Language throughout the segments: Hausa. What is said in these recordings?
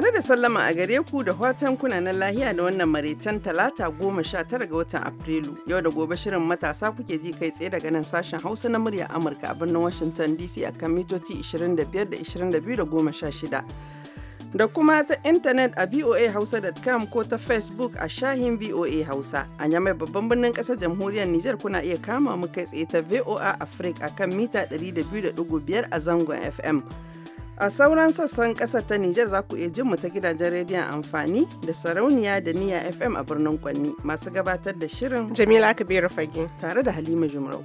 Tare da sallama a gare ku da watan kunanan lahiya da wannan maraicen talata goma sha tara ga watan Afrilu. Yau da gobe shirin matasa kuke ji kai tsaye daga nan sashen Hausa na murya Amurka a birnin Washington DC a kan mitoci 25 da 22 da goma sha shida. Da kuma ta intanet a voahausa.com ko ta Facebook a shahin VOA Hausa. A yamai babban birnin ƙasar jamhuriyar Nijar kuna iya kama mu kai tsaye ta VOA Africa a kan mita biyar a zangon FM. A sauran sassan ƙasar ta Nijar za ku iya jin mu ta gidajen rediyon amfani da sarauniya da niya FM a birnin Kwanni masu gabatar da shirin Jamila Kabiru Fage tare da Halima Jumrau.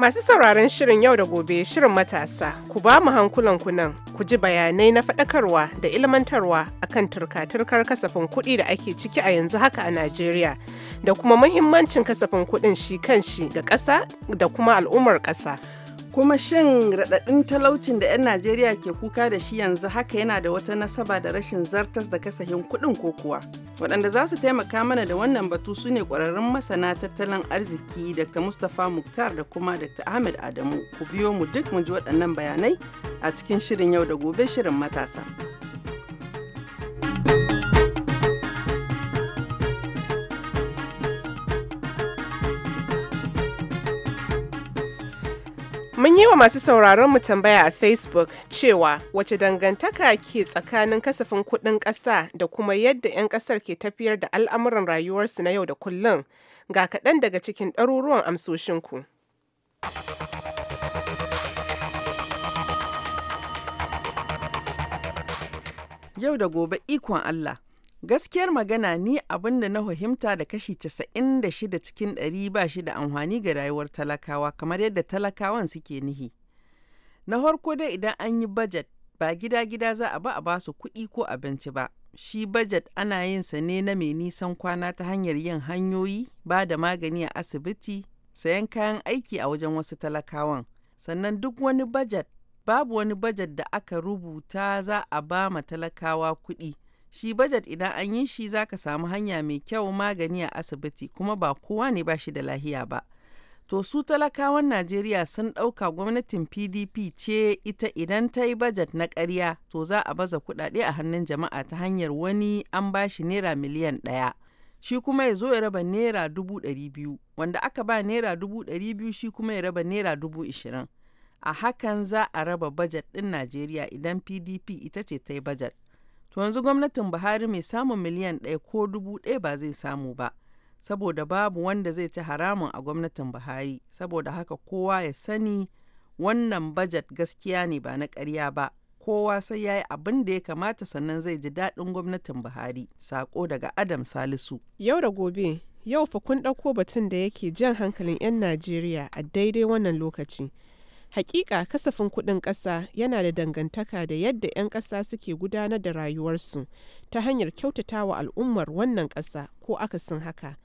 Masu sauraron shirin yau da gobe shirin matasa, ku ba mu hankulanku nan, ku ji bayanai na faɗakarwa da ilmantarwa akan turka-turkar kasafin kuɗi da ake ciki a yanzu haka a Najeriya, da kuma muhimmancin kasafin kuɗin shi kan shi ga ƙasa da kuma al'ummar ƙasa. Kuma shin raɗaɗin talaucin da 'yan Najeriya ke kuka da shi yanzu haka yana da wata nasaba da rashin zartas da kasahin kuɗin ko kuwa? Waɗanda za su taimaka mana da wannan batu su ne ƙwararrun masana tattalin arziki Dr. Mustapha Muktar da kuma Dr. Ahmed Adamu. Ku biyo mu duk mu ji waɗannan bayanai a cikin shirin yau da gobe shirin matasa. Mun yi wa masu sauraron mu tambaya a Facebook cewa wace dangantaka ke tsakanin kasafin kuɗin ƙasa da kuma yadda 'yan ƙasar ke tafiyar da al'amuran rayuwarsu na yau da kullum ga kaɗan daga cikin ɗaruruwan amsoshinku. Yau da gobe ikon Allah. Gaskiyar magana ni abin da na fahimta da kashi 96 cikin 100 ba shi da amfani ga rayuwar talakawa kamar yadda talakawan suke nihi. Na farko dai idan an yi bajet ba gida-gida za a ba a basu kuɗi ko abinci ba. Shi bajet ana yin sa ne na mai nisan kwana ta hanyar yin hanyoyi, ba da magani a asibiti, sayan kayan aiki a wajen wasu talakawan. Sannan duk wani bajet, babu wani bajet da aka rubuta za a ba ma talakawa kuɗi. Shi bajet idan an yi shi za ka samu hanya mai kyau magani a asibiti kuma ba kowa ne ba shi da lahiya ba. To su talakawan Najeriya sun ɗauka gwamnatin PDP ce ita idan ta yi bajet na ƙarya to za a baza kuɗaɗe a hannun jama'a ta hanyar wani an ba shi naira miliyan ɗaya. Shi kuma ya zo ya raba naira dubu ɗari biyu wanda aka ba naira dubu ɗari biyu shi kuma ya raba naira dubu ishirin. A hakan za a raba bajet ɗin Najeriya idan PDP ita ce ta yi bajet. To yanzu gwamnatin Buhari mai samun miliyan ɗaya ko dubu ɗaya ba zai samu ba, saboda babu wanda zai ci haramun a gwamnatin Buhari, saboda haka kowa ya sani wannan bajet gaskiya ne ba na ƙarya ba. Kowa sai ya yi abin da ya kamata sannan zai ji daɗin gwamnatin Buhari, sako daga Adam Salisu. Yau da gobe, yau fa kun ɗauko batun da yake jan hankalin 'yan Najeriya a daidai wannan lokaci. Hakika kasafin kuɗin ƙasa yana da dangantaka da yadda 'yan ƙasa suke gudanar da rayuwarsu ta hanyar kyautata wa al'ummar wannan ƙasa ko akasin haka.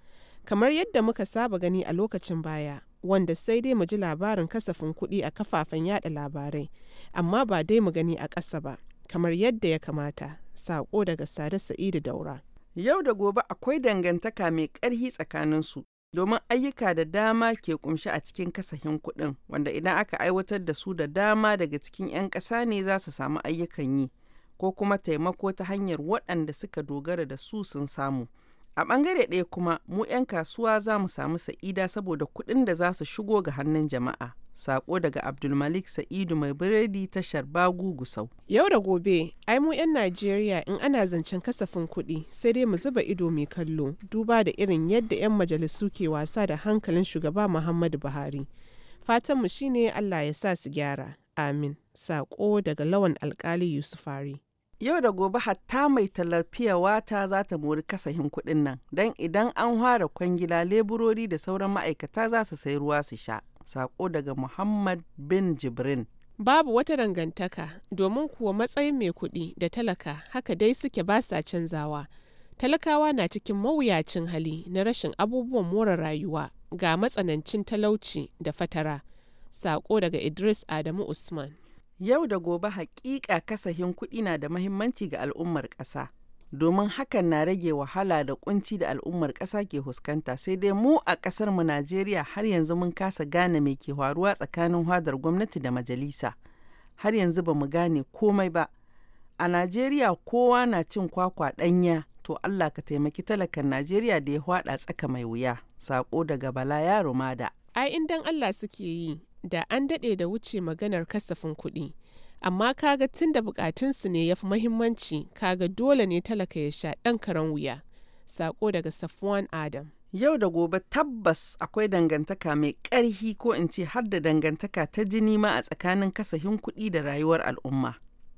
Kamar yadda muka saba gani a lokacin baya, wanda sai dai mu ji labarin kasafin kuɗi a kafafen yada labarai, amma ba dai mu gani a ƙasa ba, kamar yadda ya kamata. Sako daga Sade Sa'idu Daura. Yau da gobe akwai dangantaka mai ƙarfi tsakaninsu, domin ayyuka da dama ke kumshi a cikin kasahin kuɗin wanda idan aka aiwatar da su da dama daga cikin 'yan ƙasa ne za su samu ayyukan yi ko kuma taimako ta hanyar waɗanda suka dogara da su sun samu. A ɓangare ɗaya kuma, mu 'yan kasuwa za mu samu sa'ida saboda kuɗin da za su shigo ga hannun jama'a. Sako daga Abdulmalik Sa'idu mai biredi tashar Bagu Gusau. Yau da gobe, ai mu 'yan Najeriya in ana zancen kasafin kuɗi sai dai mu zuba ido mai kallo duba da irin yadda 'yan majalisu ke wasa da hankalin shugaba Muhammadu Buhari. Fatanmu shine Allah ya sa su gyara. Amin. Sako daga Lawan Alkali Yusufari. Yau da gobe hatta mai tallar wata za ta mori kasahin kuɗin nan, don idan an hwara kwangila leburori da sauran ma'aikata za su sai ruwa su sha. Sako daga Muhammad bin Jibrin. Babu wata dangantaka, domin kuwa matsayin mai kuɗi da talaka haka dai suke basa canzawa. Talakawa na cikin mawuyacin hali na rashin abubuwan more rayuwa ga matsanancin talauci da fatara. Sako daga Idris Adamu Usman. Yau da gobe hakika kasahin kuɗi na da mahimmanci ga al'ummar ƙasa. Domin hakan na rage wahala da kunci da al'ummar ƙasa ke huskanta sai dai mu a ƙasar mu Najeriya har yanzu mun kasa gane mai ke faruwa tsakanin hadar gwamnati da majalisa. Har yanzu ba mu gane komai ba. A Najeriya kowa na cin kwakwa ɗanya to Allah ka taimaki talakan Najeriya da ya hwada tsaka mai wuya. Sako daga Bala Yaro Mada. Ai in dan Allah suke yi, da an daɗe da wuce maganar kasafin kuɗi. Amma kaga tun da bukatunsu ne ya fi mahimmanci kaga dole ne talaka ya sha ɗan karen wuya. Sako daga Safwan Adam. Yau da gobe tabbas akwai dangantaka mai ƙarhi ko in ce har da dangantaka ta jini ma a tsakanin kasahin kuɗi da rayuwar al'umma.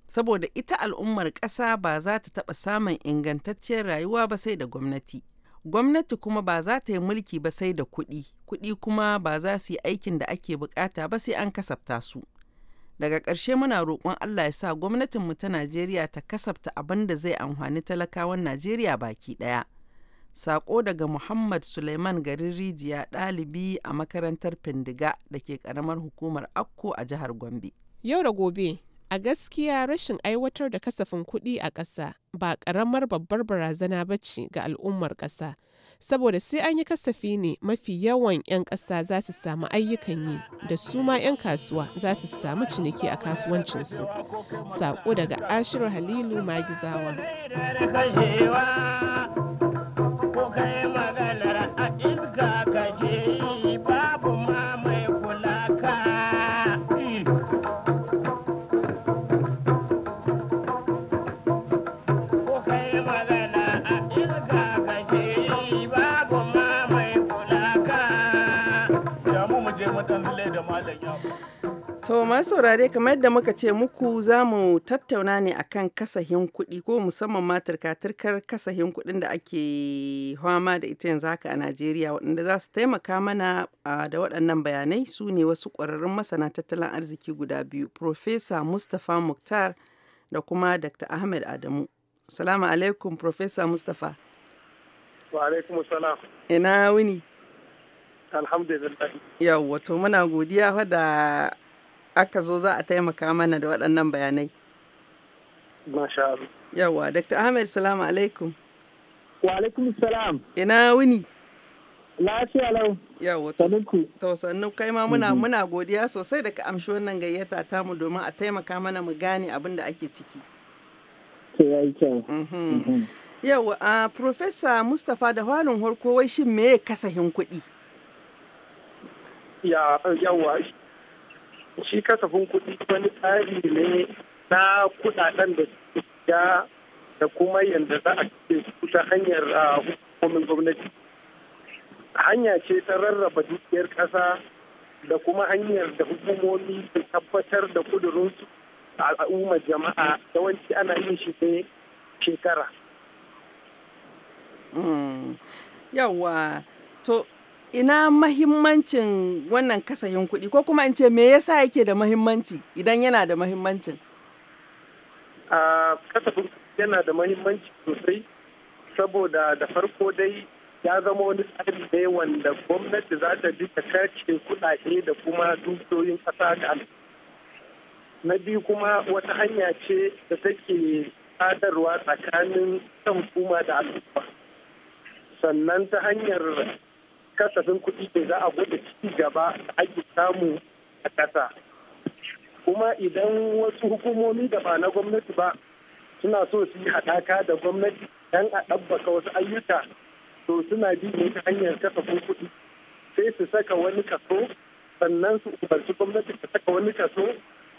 Saboda ita al'ummar ƙasa ba za ta taɓa samun ingantacciyar rayuwa ba sai da gwamnati. gwamnati kuma ba za ta yi mulki ba sai da kuɗi kuɗi kuma ba za su yi aikin da ake bukata ba sai an kasafta su daga ƙarshe muna roƙon allah ya sa gwamnatinmu ta najeriya ta kasafta abin da zai amfani talakawan najeriya baki ɗaya sako daga muhammad suleiman garin rijiya ɗalibi a makarantar findiga da ke ƙaramar hukumar akko a jihar gombe yau da gobe a gaskiya rashin aiwatar da kasafin kuɗi a ƙasa ba ƙaramar babbar barazana ba ce ga al'ummar ƙasa, saboda sai an yi kasafi ne mafi yawan 'yan ƙasa za su samu ayyukan yi da su ma 'yan kasuwa za su samu ciniki a kasuwancinsu. Saƙo daga Ashiru Halilu Magizawa. To masu saurare kamar yadda muka ce muku za mu tattauna ne akan kasahin kuɗi ko musamman ma turka-turkar kasahin kuɗin da ake fama da ita yanzu haka a Najeriya waɗanda za su taimaka mana da waɗannan bayanai su ne wasu ƙwararrun masana tattalin arziki guda biyu Profesa Mustapha Muktar da kuma Dr. Ahmed Adamu. Salamu alaikum Profesa Mustapha. Wa alaikum salam. Ina wuni. Alhamdulillah. Yawwa to muna godiya fa da aka zo za a taimaka mana da waɗannan bayanai. Masha Yawa, Dr. Ahmed, salamu alaikum. Wa alaikum salam. Ina wuni. Lafiya lau. Yawa, tausannu kai ma muna mhm. muna godiya sosai da ka amshi wannan gayyata mu domin a taimaka mana mu gane abin da ake ciki. Mhm. Mhm. Yawa, a Profesa Mustapha da halin harko wai shin me kasahin kuɗi? Yawa, shi kasafin kuɗi wani tsari ne na kuɗaɗen da suke shiga da kuma yadda za a cike su ta hanyar ah, hukumomin gwamnati hanya ce ta rarraba dukiyar ƙasa da kuma hanyar da hukumomi su tabbatar da kudurinsu a al'ummar jama'a yawanci ana yin shi ne shekara. Hmm. Yawwa, to ina mahimmancin wannan kasayin kuɗi ko kuma in ce me yasa yake da mahimmanci idan yana da mahimmancin a kasafin yana da mahimmanci sosai saboda da farko dai ya zama wani tsari ne wanda gwamnati za ta bi ta kace kuɗaɗe da kuma dukiyoyin ƙasa ga na biyu kuma wata hanya ce da take sadarwa tsakanin kan kuma da al'umma sannan ta hanyar kasafin kuɗi da za a gwada ci gaba ake samu a ƙasa kuma idan wasu hukumomi da ba na gwamnati ba suna so su yi haɗaka da gwamnati don a ɗabbaka wasu ayyuka to suna bi ne ta hanyar kasafin kuɗi sai su saka wani kaso sannan su umarci gwamnati ta saka wani kaso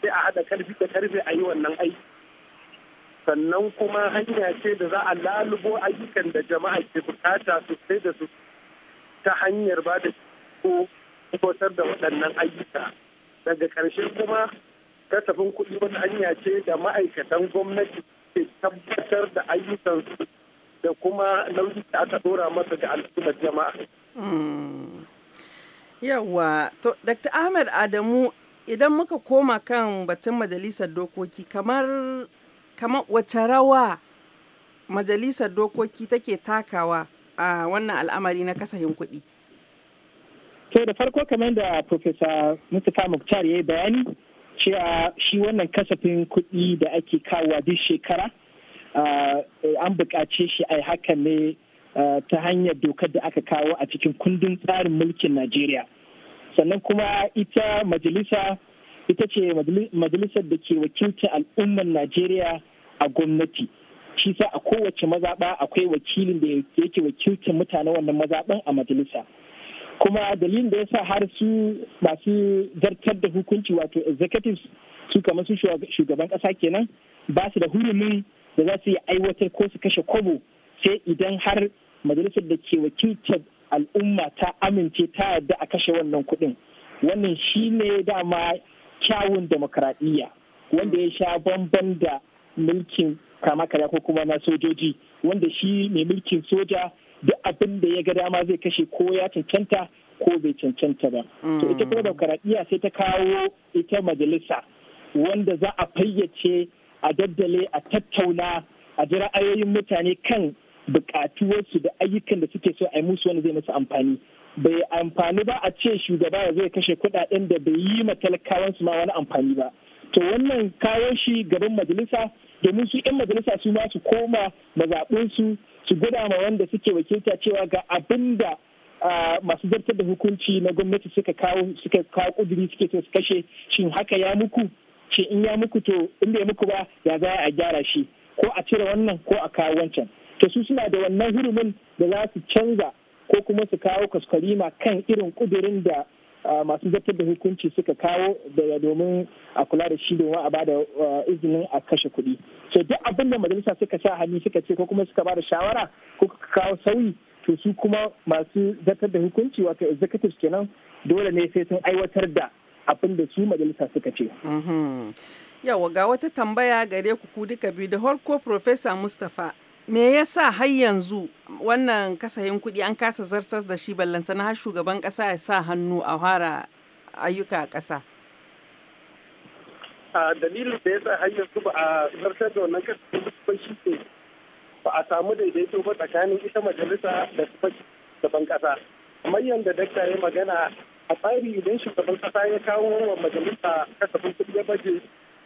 sai a haɗa karfi da karfe a yi wannan aiki sannan kuma hanya ce da za a lalubo ayyukan da jama'a ke bukata sosai da sosai ta hanyar ba da ko tabbatar da waɗannan ayyuka daga ƙarshe kuma kasafin kuɗi wata hanya ce da ma'aikatan gwamnati ke tabbatar da ayyukansu da kuma nauyi da aka ɗora masa ga al'ummar jama'a. Hmm. Yawwa, to Dr. Ahmed Adamu idan muka koma kan batun majalisar dokoki kamar kamar wace rawa majalisar dokoki take takawa a wannan al'amari na kasahin kuɗi? To da farko kamar da Profesa Mustapha Mukhtar ya yi bayani cewa shi wannan kasafin kuɗi da ake kawowa duk shekara an buƙace shi a hakan ne ta hanyar dokar da aka kawo a cikin kundin tsarin mulkin Najeriya. Sannan kuma ita majalisa ita ce majalisar da ke wakilta al'ummar Najeriya a gwamnati. shi sa a kowace mazaɓa akwai wakilin da yake wakiltar mutane wannan mazaɓan a majalisa kuma dalilin da ya sa har su masu zartar da hukunci wato executives su kamar su shugaban ƙasa kenan ba su da hurumin da za su yi aiwatar ko su kashe kobo sai idan har majalisar da ke wakiltar al'umma ta amince ta yarda a kashe wannan kuɗin wannan shi ne dama kyawun demokradiyya wanda ya sha bamban da mulkin kama kara ko kuma na sojoji wanda shi mai mulkin soja duk abin da ya ga dama zai kashe ko ya cancanta ko bai cancanta ba. To ita kuma demokaradiyya sai ta kawo ita majalisa wanda za a fayyace a daddale a tattauna a ji ra'ayoyin mutane kan bukatuwarsu da ayyukan da suke so a yi musu wanda zai musu amfani. Bai amfani ba a ce shugaba ya zai kashe kuɗaɗen da bai yi ma talakawansu ma wani amfani ba. To wannan kawo shi gaban majalisa domin su 'yan majalisa su ma su koma mazaɓinsu su gwada ma wanda suke wakilta cewa ga abin da masu zartar da hukunci na gwamnati suka kawo suka kawo kuduri suke so su kashe shin haka ya muku shin in ya muku to in bai muku ba ya za a gyara shi ko a cire wannan ko a kawo wancan to su suna da wannan hurumin da za su canza ko kuma su kawo kwaskwarima kan irin kudurin da masu zartar da hukunci suka kawo da domin a kula da shi domin a bada izinin a kashe kuɗi so duk abin da majalisa suka sa hannu suka ce ko kuma suka bada shawara ko kawo sauyi to su kuma masu zartar da hukunci wato executives kenan dole ne sai sun aiwatar da abin da su majalisa suka ce. Mhm. Yawa ga wata tambaya gare ku ku duka biyu da harko Profesa Mustapha me yasa har yanzu wannan kasahin kuɗi an kasa zartar da shi ballantana har shugaban ƙasa ya sa hannu a fara ayyuka a ƙasa a dalilin da ya sa har yanzu ba a zartar da wannan kasahin ba shi ne ba a samu daidaito ba tsakanin ita majalisa da shugaban ƙasa kamar yadda dakta ya magana a tsari idan shugaban ƙasa ya kawo wa majalisa kasafin kuɗi ya baje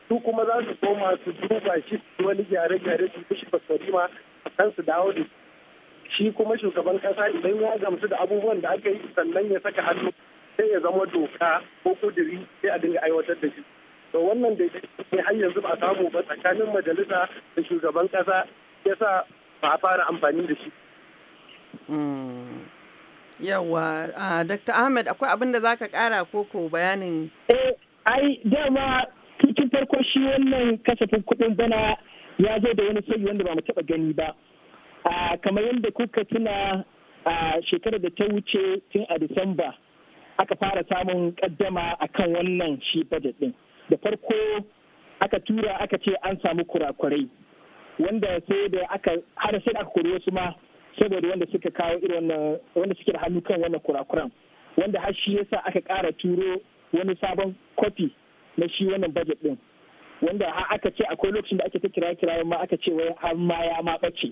su kuma za su koma su duba shi wani gyare-gyare su fi shi ma. kan su dawo da shi kuma shugaban kasa idan ya gamsu da abubuwan da aka yi sannan ya saka hannu sai ya zama doka ko kudiri sai a dinga aiwatar da shi to wannan da ne har yanzu ba samu ba tsakanin majalisa da shugaban kasa yasa ba a fara amfani da shi hmm. yawa dr ahmed akwai abin da zaka kara koko bayanin eh ai dama cikin farko shi wannan kasafin kudin bana ya zo da wani sauyi wanda ba mu taba gani ba kamar yadda kuka tuna a shekarar da ta wuce tun a disamba aka fara samun kaddama a kan wannan shi budget din da farko aka tura aka ce an samu kurakurai wanda sai da aka har sai aka kuri wasu ma saboda wanda suka kawo irin wanda suke da hannu kan wannan kurakuran wanda har shi yasa aka ƙara turo wani sabon kwafi na shi wannan budget din wanda har aka ce akwai lokacin da ake ta kira kirayen ma aka ce wai har ma ya ma bace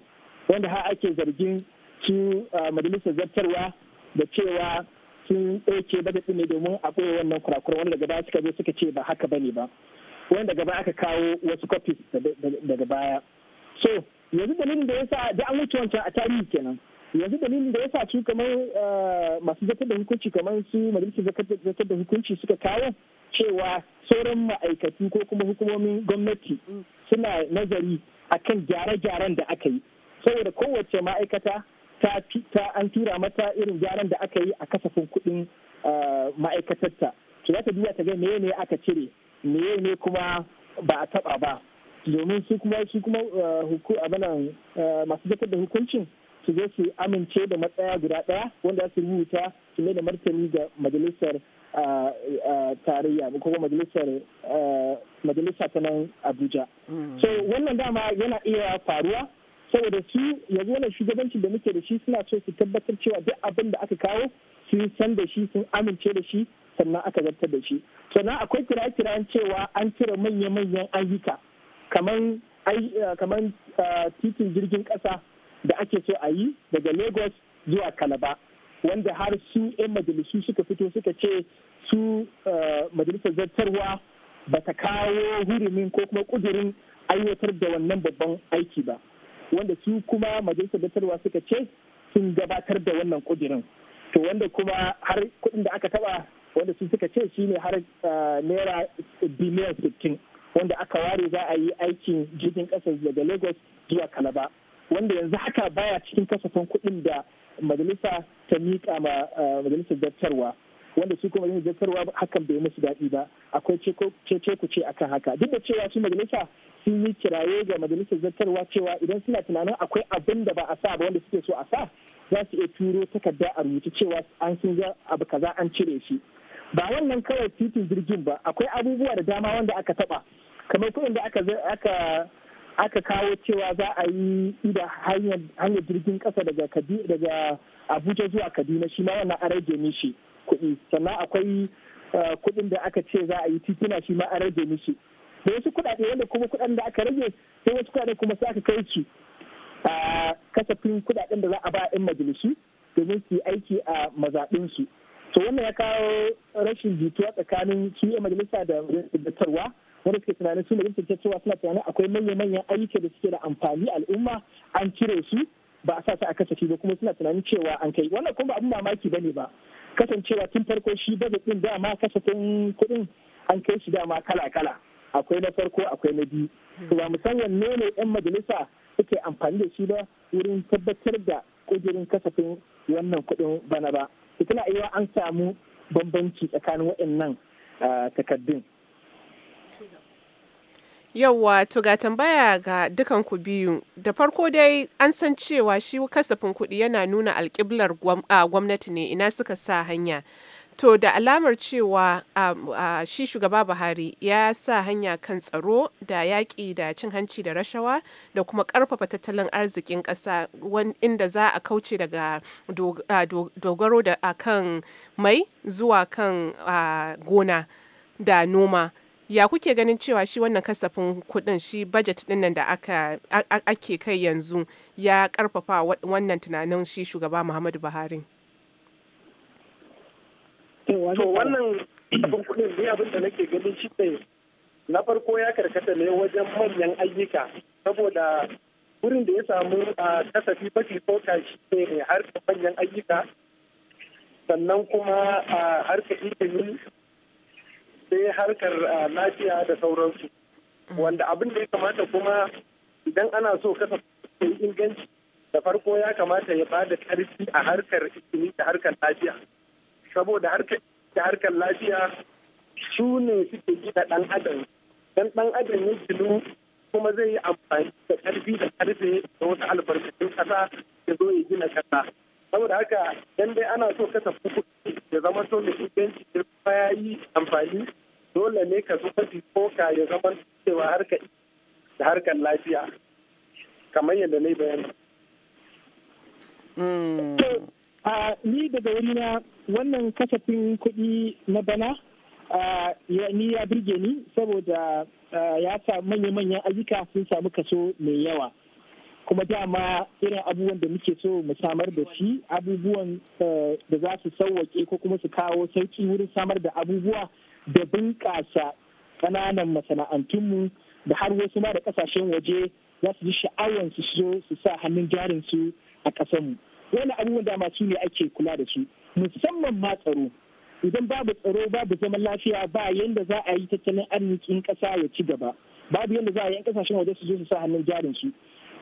wanda har ake zargin su majalisar zartarwa da cewa sun ɗauke badaɗi ne domin a ɓoye wannan kurakura wanda daga baya suka zo suka ce ba haka bane ba wanda daga baya aka kawo wasu kofi daga baya so yanzu dalilin da yasa da an wuce wancan a tarihi kenan yanzu dalilin da yasa su kamar masu zartar da hukunci kamar su majalisar zartar da hukunci suka kawo cewa sauran ma'aikatu ko kuma hukumomin gwamnati mm. suna nazari akan gyare-gyaren da aka yi saboda kowace ma'aikata ta ta an tura mata irin gyaran da aka yi a kasafin kuɗin ah, ma'aikatarta to za ta duba ta ga meye ne aka cire meye ne kuma ba a taɓa ba domin su kuma su kuma ah, ah, masu jakar da hukuncin su zo su amince da matsaya guda ɗaya wanda su rubuta su mai da martani ga majalisar tarayya ko majalisar majalisa ta nan abuja mm. so wannan dama yana iya faruwa saboda su yanzu wannan shugabanci da muke da shi suna so su tabbatar cewa duk abin da aka kawo sun san da shi sun amince da shi sannan aka zartar da shi sannan akwai kira-kiran cewa an cire manya-manyan ayyuka kamar titin jirgin ƙasa da ake so a yi daga lagos zuwa Calabar. wanda har su 'yan majalisu suka fito suka ce su eh, majalisar zartarwa ba ta kawo hurumin ko kuma kudurin aiwatar da wannan babban aiki ba wanda su kuma majalisar zartarwa suka ce sun gabatar da wannan kudurin to wanda kuma har kudin da aka taba wanda su suka ce shine har eh, naira biliyan sittin wanda aka ware za a yi aikin jirgin ƙasa daga lagos zuwa kalaba wanda yanzu haka baya cikin kasafin kuɗin da majalisa ta miƙa ma eh, majalisar dattarwa wanda su kuma majalisar dattarwa hakan bai musu daɗi ba akwai ce ku ce akan haka duk da cewa su majalisa sun yi kiraye ga majalisar dattarwa cewa idan suna tunanin akwai abin da ba a sa ba wanda suke so a sa za su iya turo takarda a rubuce cewa an sun ga abu kaza an cire shi ba wannan kawai titin jirgin ba akwai abubuwa da dama wanda aka taɓa kamar kuɗin da aka aka kawo cewa za a yi ida hanyar jirgin kasa daga abuja zuwa kaduna shi ma wannan an rage mishi kuɗi sannan akwai eh, kuɗin da aka ce za a yi titina shi ma an rage mishi da wasu kuɗaɗe wanda kuma kuɗaɗen da aka rage sai wasu kuɗaɗe kuma sai aka kai su a kasafin kuɗaɗen da za a ba 'yan majalisu domin su yi aiki a mazaɓinsu to wannan ya kawo rashin jituwa tsakanin shi majalisa da dattarwa wanda suke tunanin su ne da cewa suna tunanin akwai manya-manyan ayyuka da suke da amfani al'umma an cire su ba a sa su a kasafi ba kuma suna tunanin cewa an kai wannan kuma abin mamaki ba ne ba kasancewa tun farko shi budget din dama kasafin kuɗin an kai shi dama kala-kala akwai na farko akwai na biyu to ba musamman ne ne yan majalisa suke amfani da shi ba wurin tabbatar da kudirin kasafin wannan kuɗin bana ba tana iya an samu bambanci tsakanin waɗannan ah, takardun. yawwa to ga tambaya ga dukan ku biyu. Da farko dai an san cewa shi kasafin kuɗi yana nuna alƙiblar gwamnati ne ina suka sa hanya. To da alamar cewa shi shugaba Buhari ya sa hanya kan tsaro da yaƙi da cin hanci da rashawa da kuma ƙarfafa tattalin arzikin ƙasa inda za a kauce daga dogaro da kan mai zuwa kan gona da noma. ya kuke ganin cewa shi wannan kasafin kudin shi budget din nan da ake kai yanzu ya karfafa wannan tunanin shi shugaba muhammadu buhari to wannan kasafin kudin ne abin da nake ganin shi ne na farko ya karkata ne wajen manyan ayyuka saboda wurin da ya samu a kasafi mafi tsoka shi ne harkar manyan ayyuka sannan kuma a harkar ilimi sai harkar ah, lafiya da sauransu wanda abin da ya kamata kuma idan ana so kasa inganci da farko ya kamata ya bada karfi a harkar ikini da harkar lafiya saboda harkar da harkar lafiya su ne suke gina dan adam dan dan adam ya kuma zai yi amfani da karfi da karfe da wasu albarkatun kasa ya zo ya gina kasa saboda haka dan dai ana so kasa kuku ya zama so da inganci da ya yi amfani dole ne ka zuba ka ya zama cewa harka da harkar lafiya kamar yadda na yi bayani. Mm. Ni daga wani na wannan kasafin kuɗi na bana ni ya birge ni saboda ya samu manya-manyan ayyuka sun samu kaso mai yawa. kuma dama irin abubuwan da muke so mu samar da shi abubuwan eh, da za su sauwaƙe ko kuma su kawo sauƙi wurin samar da abubuwa da bunƙasa ƙananan masana'antunmu da har wasu ma da ƙasashen waje za su ji sha'awar su zo su sa hannun jarin su a ƙasarmu wani abubuwan da su ne ake kula da su musamman ma tsaro idan babu tsaro babu zaman lafiya ba yanda za a yi tattalin arzikin ƙasa ya ci gaba babu yadda za a yi 'yan ƙasashen waje su zo su sa hannun jarin su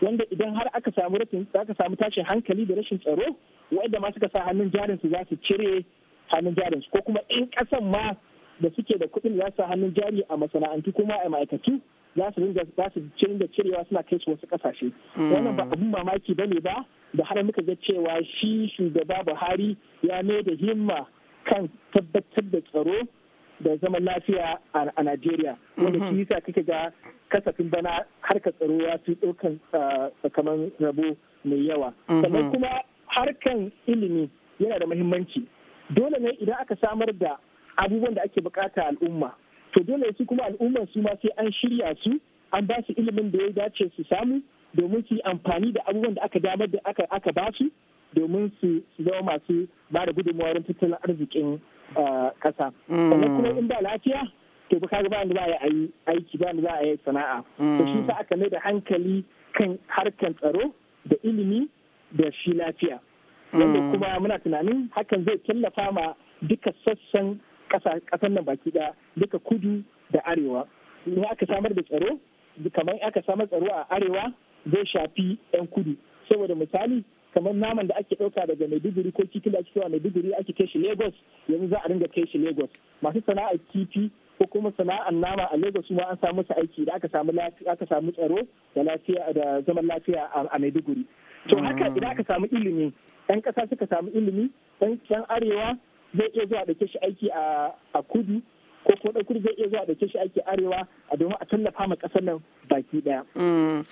wanda idan har aka samu rashin aka samu tashin hankali da rashin tsaro wanda ma suka sa hannun jarin su za su cire hannun jarin su ko kuma in ƙasan ma da suke da kuɗin za su hannun jari a masana'antu kuma a ma'aikatu za su ringa za su da cirewa suna kai su wasu kasashe hmm. wannan ba abun mamaki ba ne ba da har muka ga cewa shi shugaba Buhari ya mai da himma kan tabbatar da tsaro da zaman lafiya a Najeriya wanda shi hmm. yasa kake ga kasafin bana harkar tsaro ya fi ɗaukan ah, kamar rabo mai yawa hmm. sannan kuma harkan ilimi yana da muhimmanci dole ne idan aka samar da abubuwan da ake bukata al'umma to dole su kuma al'umma su ma sai an shirya su an ba su ilimin da ya dace su samu domin su yi amfani da abubuwan da aka damar da aka aka ba su domin su zama masu ba da gudunmawa tattalin arzikin kasa ah, mm. sannan kuma in ba lafiya to ka ga ba ni za a yi aiki ba ni za a yi sana'a to shi mm. sa aka mai da hankali kan harkan tsaro da ilimi da shi lafiya wanda mm. kuma muna tunanin hakan zai tallafa ma duka sassan ƙasar nan baki da duka kudu da arewa in aka samar da tsaro kamar aka samar tsaro a arewa zai shafi 'yan kudu saboda misali kamar naman da ake ɗauka daga maiduguri ko kifi da ake kawo maiduguri ake kai shi lagos yanzu za a ringa kai shi lagos masu sana'ar kifi ko kuma sana'ar nama a lagos ma an samu su aiki da aka samu aka samu tsaro da lafiya da zaman lafiya a maiduguri to haka hmm. idan aka samu ilimi yan ƙasa suka samu ilimi yan arewa zai iya zuwa dauke shi aiki a kudu ko ko da kudu zai iya zuwa dauke shi aiki arewa a domin a tallafa ma kasar nan baki ɗaya. Mm.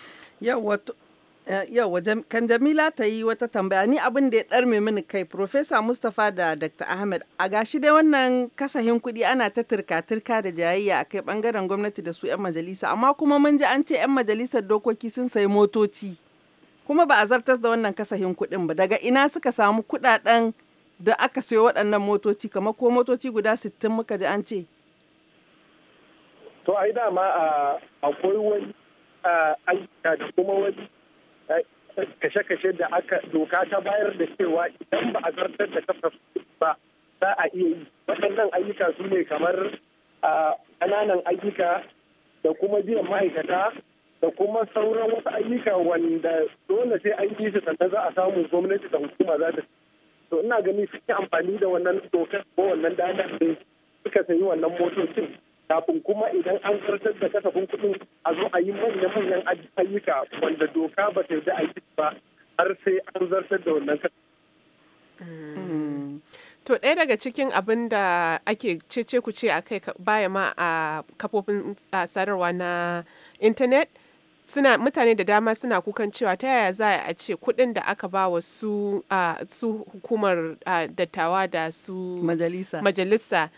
Yawwa eh, kan Jamila ta yi wata tambaya ni abin da ya ɗarme mini kai Profesa Mustapha da Dr. Ahmed a gashi dai wannan kasahin kuɗi ana ta turka-turka da jayayya a kai ɓangaren gwamnati da su 'yan majalisa amma kuma mun ji an ce 'yan majalisar dokoki sun sayi motoci kuma ba a zartas da wannan kasahin kuɗin ba daga ina suka samu kuɗaɗen da aka sayo waɗannan motoci kamar ko motoci guda sittin muka ji an ce to ai dama akwai wani ayyuka da kuma wani kashe-kashe da aka doka ta bayar da cewa idan ba a zartar da kafa ba za a iya yi waɗannan ayyuka su ne kamar ƙananan ayyuka da kuma biyan ma'aikata da kuma sauran wasu ayyuka wanda dole sai an yi su sannan za a samu gwamnati da hukuma za ta to ina gani yi amfani da wannan dokar ko wannan damar ne suka sayi wannan motocin kafin kuma idan an zartar da kasafin kuɗin a zo a yi manya-manyan ayyuka wanda doka ba ta yi aiki ba har sai an zartar da wannan kasafin. Hmm. To ɗaya daga cikin abin da ake cece ku ce a kai baya ma a kafofin sadarwa na intanet. suna mutane da dama suna kukan cewa ta yaya za a ce kuɗin da aka ba wa su, su hukumar uh, dattawa da su majalisa, majalisa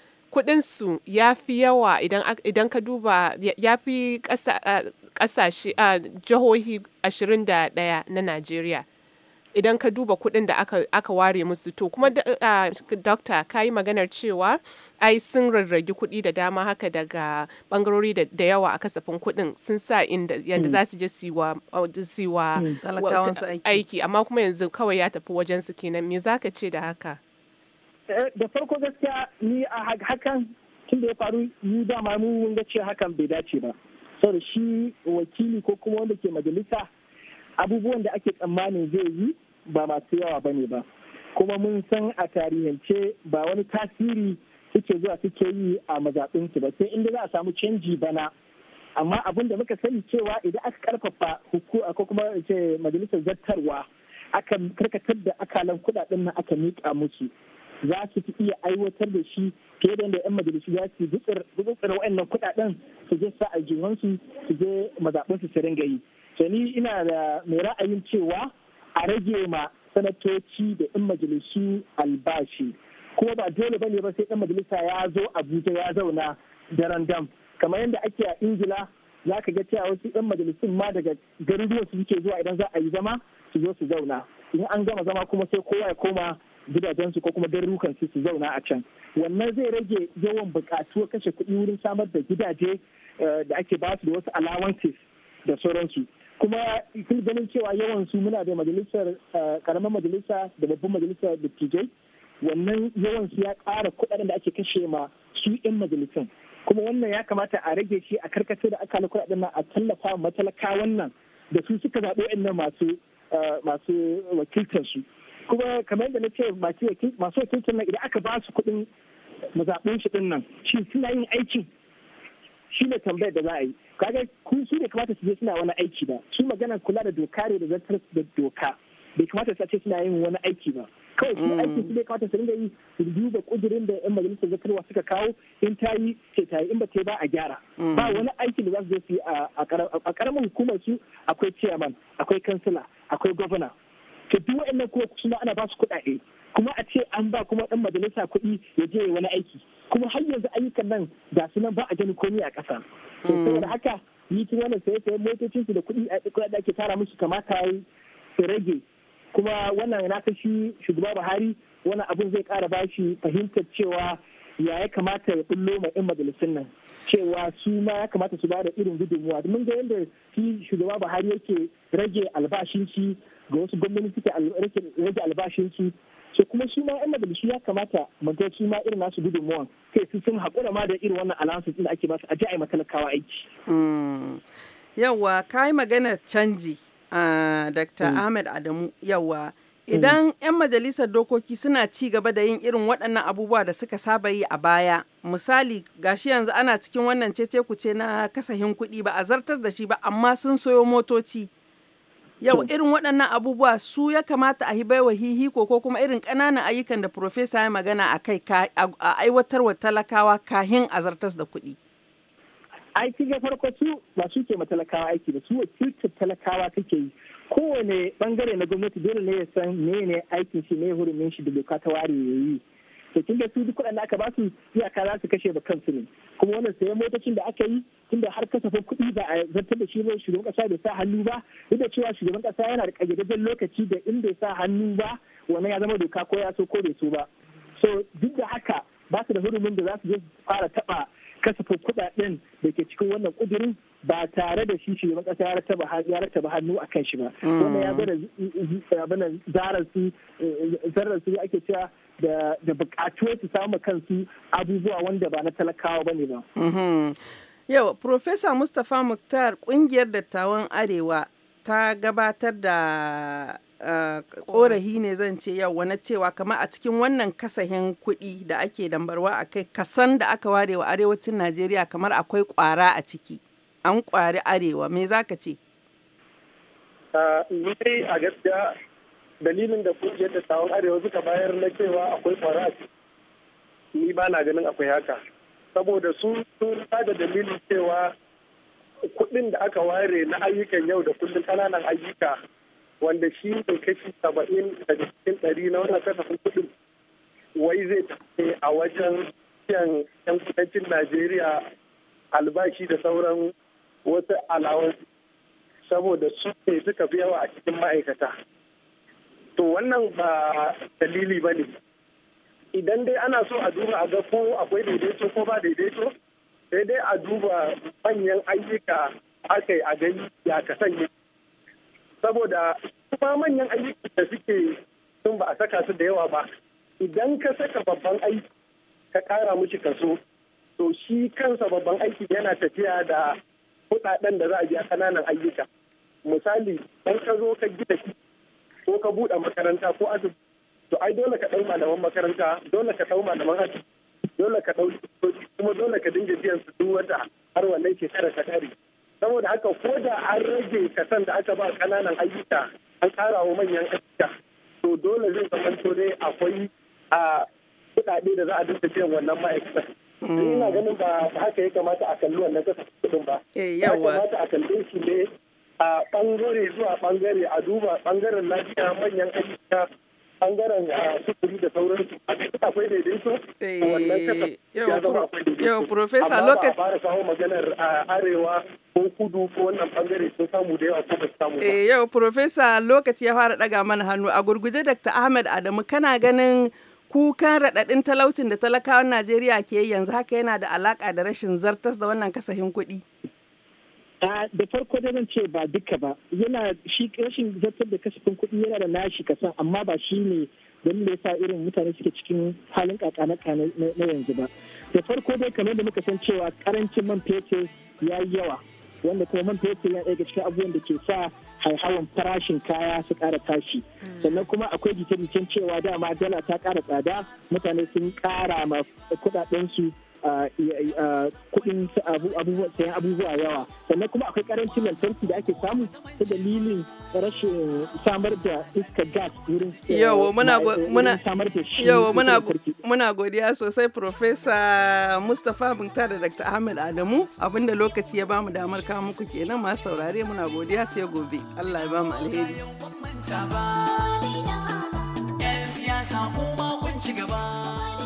su ya fi yawa idan ka duba ya fi ƙasashe uh, jihohi 21 na najeriya idan ka duba kuɗin da aka, aka ware musu to kuma uh, dokta ka yi maganar cewa ai sun rarragi kuɗi da dama haka daga bangarori da, yawa a kasafin kuɗin sun sa inda yadda hmm. za su je siwa uh, hmm. aiki amma kuma yanzu kawai ya tafi wajen su kenan me za ka ce da haka eh, da farko gaskiya ni a hakan tun da ya faru ni dama mun ga ce hakan bai dace ba saboda shi wakili ko kuma wanda ke majalisa abubuwan da ake tsammanin zai yi ba masu yawa ba ne ba kuma mun san a tarihance ba wani tasiri suke zuwa suke yi a mazaɓinsu ba sai inda za a samu canji bana amma abin da muka sani cewa idan aka karfafa hukuma ko kuma ce majalisar zartarwa aka karkatar da akalan kudaden nan aka miƙa musu za su fi iya aiwatar da shi fiye da yadda 'yan majalisu za su gutsura wa'annan kudaden su je sa a jihonsu su je mazaɓinsu su ringa yi. to ni ina da mai ra'ayin cewa a rage ma sanatoci da 'yan majalisu albashi ko ba dole bane ba sai yan majalisa ya zo abuja ya zauna daren dam kamar yadda ake a ingila za ka ga cewa wasu 'yan majalisun ma daga garuruwan su suke zuwa idan za a yi zama su zo su zauna in an gama zama kuma sai kowa ya koma gidajensu ko kuma garurukan su su zauna a can wannan zai rage yawan bukatu kashe kuɗi wurin samar da gidaje eh, da ake ba su da wasu allowances da sauransu kuma sun ganin cewa yawan su muna da majalisar eh, karamar majalisa da babban majalisar dattijai wannan yawan su ya ƙara kuɗaɗen da ake kashe ma su 'yan majalisun kuma wannan ya kamata a rage shi a karkatar da aka kuɗaɗen nan a tallafa matalaka wannan da su suka zaɓi wa'annan masu eh, masu wakiltar su kuma kamar yadda na ce masu wakiltar nan idan aka ba su kuɗin mazaɓin shi ɗin nan shi suna yin aikin shi ne tambayar da za a yi kaga ku su ne kamata su je suna wani aiki ba su magana kula da doka ne da zartar da doka bai kamata su ce suna yin wani aiki ba kawai su mm. aiki su ne kamata su ringa yi su duba kudirin da yan majalisar zartarwa suka kawo in ta yi ce ta yi in ba ta ba a gyara mm. ba wani aiki da za su je su yi a karamin hukumar su akwai chairman akwai kansila akwai gwamna to duk wa'annan kuma suna ana ba su kuɗaɗe kuma a ce an ba kuma dan majalisa kuɗi ya je wani aiki kuma har yanzu ayyukan nan ga su nan ba a gani komai a ƙasa hmm. saboda haka yi kin wannan sai-sai motocin su da kuɗi a kuɗi da ake tara musu kamata su rage kuma wannan na shi shugaba Buhari wannan abun zai ƙara bashi fahimtar cewa ya ya kamata ya bullo ma 'yan majalisun nan cewa su ma ya kamata su ba da irin gudunmuwa domin ga yadda shi shugaba buhari yake rage albashin shi ga wasu gwamnati suke rage albashin shi so kuma shi ma yan majalisu ya kamata manta shi ma irin nasu gudunmuwan kai su sun haƙura ma da irin wannan alansu da ake basu a ji a yi matalakawa aiki. Hmm. yawwa ka yi maganar canji ah, dr hmm. ahmed adamu yawwa hmm. idan 'yan majalisar dokoki suna ci gaba da yin irin waɗannan abubuwa da suka saba yi a baya misali gashi yanzu ana cikin wannan cece kuce na kasahin kuɗi ba a zartar da shi ba amma sun soyo motoci yau hmm. irin waɗannan abubuwa su ya kamata a baiwa hihi ko kuma irin ƙananan ayyukan da profesa ya magana a kai a wa talakawa kahin a zartas da kuɗi. aiki ga farko su ba su ke matalakawa aiki ba su wakiltar talakawa kake yi kowane bangare na gwamnati dole ne ya san ne aikin shi ne hurumin shi da doka ta ware ya yi to kin su duk kuɗin da aka ba su iyaka za su kashe ba kansu ne kuma wannan sayan motocin da aka yi tunda har kasafin kuɗi ba a zartar da shi ba shugaban ƙasa bai sa hannu ba duk da cewa shugaban ƙasa yana da ƙayyadajjen lokaci da in bai sa hannu ba wannan ya zama doka ko ya so ko bai so ba so duk da haka ba su da hurumin da za su je fara taɓa kasafin kuɗaɗen da ke cikin wannan ƙudurin ba tare da shi shugaban kasa ya rataba ya hannu a kan shi ba mm. wannan ya bada zarar su eh, zarar su ake cewa da bukatuwar su samu kansu abubuwa wanda ba na talakawa ba ne ba. Mm-hmm. Yau, Profesa Mustapha Muktar ƙungiyar dattawan Arewa ta gabatar da korahi uh, ne zan ce yau wani cewa kamar a cikin wannan kasahin kuɗi da ake dambarwa a kai kasan da aka ware wa arewacin Najeriya kamar akwai ƙwara a ciki. An ƙwari arewa, me za ka ce? Uh, a gaskiya dalilin da da tawon arewa suka bayar na cewa akwai kwara a ni ba na ganin akwai haka saboda su sun da dalilin cewa kuɗin da aka ware na ayyukan yau da kullum kananan ayyuka wanda shi ne kashi saba'in daga cikin ɗari na wannan kasafin kuɗin wai zai tafi a wajen yan kudancin najeriya albashi da sauran wasu alawar saboda su ne suka fi yawa a cikin ma'aikata to wannan ba dalili ba ne idan dai ana so a duba a ga ko akwai daidaito ko ba daidaito sai dai a duba manyan ayyuka aka yi a gani ya ka sanya saboda kuma manyan ayyuka da suke sun ba a saka su da yawa ba idan ka saka babban aiki ka kara mushi kaso to shi kansa babban aiki yana tafiya da kudaden da za a biya kananan ayyuka misali dan ka zo ka gida ka buɗe makaranta ko asibiti to ai dole ka ɗau malaman makaranta dole ka ɗau malaman asibiti dole ka ɗau kuma dole ka dinga biyan su duk wata har wannan shekara ta kare saboda haka ko da an rage kasan da aka ba ƙananan ayyuka an ƙara wa manyan ayyuka to dole zai zamanto dai akwai a kuɗaɗe da za a dinga biyan wannan ma'aikatan ina ganin ba haka ya kamata a kalli wannan kuɗin ba eh, ya kamata a kalle shi ne a bangare zuwa bangare a duba bangaren lafiya manyan ayyuka bangaren sufuri da sauransu akwai daidaito eh, wannan kasa ya zama akwai daidaito profesa ba a fara maganar arewa ko kudu ko wannan bangare sun samu da yawa ko ba su samu ba eh, yau profesa lokaci ya fara daga mana hannu a gurguje dr ahmed adamu kana ganin kukan raɗaɗin talaucin da talakawan najeriya ke yanzu haka yana da alaƙa da rashin zartas da wannan kasahin kuɗi da farko da zan ce ba duka ba yana shi rashin zartar da kasafin kuɗi yana da nashi kasan amma ba shi ne don da yasa irin mutane suke cikin halin kakana na yanzu ba da farko dai kamar da muka san cewa karancin man fetur ya yi yawa wanda kuma man fetur ya daga cikin abubuwan da ke sa haihawan farashin kaya su ƙara tashi sannan kuma akwai jita-jitan cewa dama dala ta ƙara tsada mutane sun ƙara ma kuɗaɗensu kuɗin sayan abubuwa yawa sannan kuma akwai karancin lantarki da ake samu ta dalilin rashin samar da iska gas wurin eh, yawa muna muna godiya sosai Profesa Mustapha Bunta da Dr. Ahmed Adamu abinda lokaci ya bamu damar kawo muku kenan masu saurare muna godiya sai gobe Allah ya bamu alheri siyasa kuma